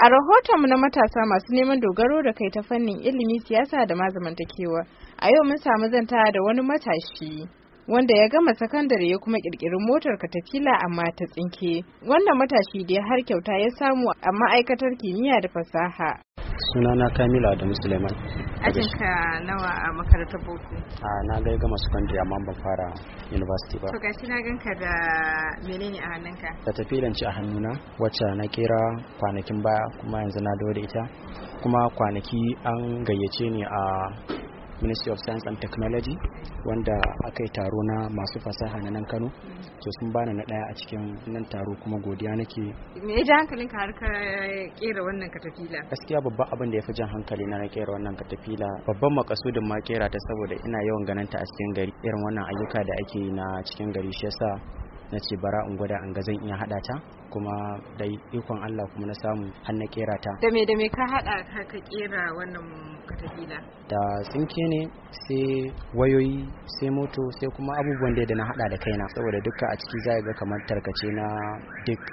A rahoton mu na matasa masu neman dogaro da kai ta fannin ilimi siyasa da mazamantakewa, a yau mun samu zanta da wani matashi wanda ya gama sakandare ya kuma ƙirƙiri motar katafila amma ta tsinke. Wannan matashi da har kyauta ya samu a ma'aikatar kimiyya da fasaha. sunana kamila da musulman ajinka nawa a makarantar boko a na ga gama secondary amma ban fara university ba to gashi na ganka da menene a hannunka da tafi ci a hannuna wacce na kera kwanakin baya kuma yanzu na dawo da ita kuma kwanaki an gayyace ni a ministry of science and technology wanda aka yi taro na masu fasaha na nan kano to sun bana na daya a cikin nan taro kuma godiya nake me ya ji hankalinka har ka kera wannan katafila gaskiya babban abin da ya fi jan hankali na kera wannan katafila babban makasudin ma kera ta saboda ina yawan ganin ta a cikin gari irin wannan ayyuka da ake yi na cikin gari shi yasa na ce bara in gwada an ga zan iya haɗa ta kuma da ikon Allah kuma na samu har na kera ta da me da me ka haɗa ka ka kera wannan katafila da tsinke ne sai wayoyi sai moto sai kuma abubuwan da na haɗa da kaina saboda duka a ciki za ga kamar tarkace na duk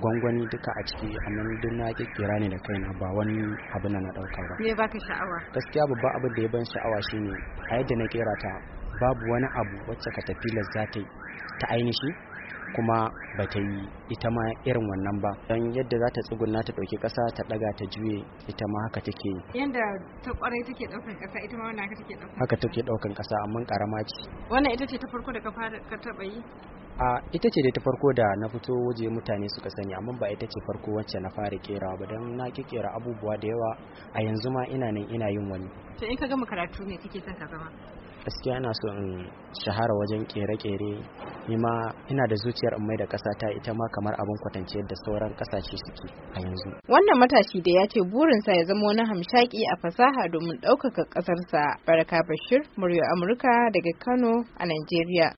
gwangwani duka a ciki amma duk na kekera ne da kaina ba wani abu na na dauka ba me baka sha'awa gaskiya babban abin da ya ban sha'awa shine a yadda na kera ta babu wani abu wacce katafilas za ta yi ta ainihi kuma ba ta yi ita ma irin wannan ba don yadda za ta tsuguna ta ɗauki ƙasa ta ɗaga ta juye ita ma haka take yi yadda ta ƙwarai take ɗaukan ƙasa ita ma wannan haka take ɗaukan haka take ɗaukan ƙasa amma ƙarama ce wannan ita ce ta farko da ka taɓa yi a ita ce dai ta farko da na fito waje mutane suka sani amma ba ita ce farko wacce na fara kera ba don na kera abubuwa da yawa a yanzu ma ina nan ina yin wani to in ka gama karatu ne kake son ka zama gaskiya ina so in shahara wajen kere-kere ma ina da zuciyar in mai da kasa ta ita ma kamar abin kwatance da sauran kasashe suke a yanzu wannan matashi da ya ce burinsa ya zama wani hamshaki a fasaha domin ɗaukaka ƙasarsa baraka bashir murya amurka daga kano a nigeria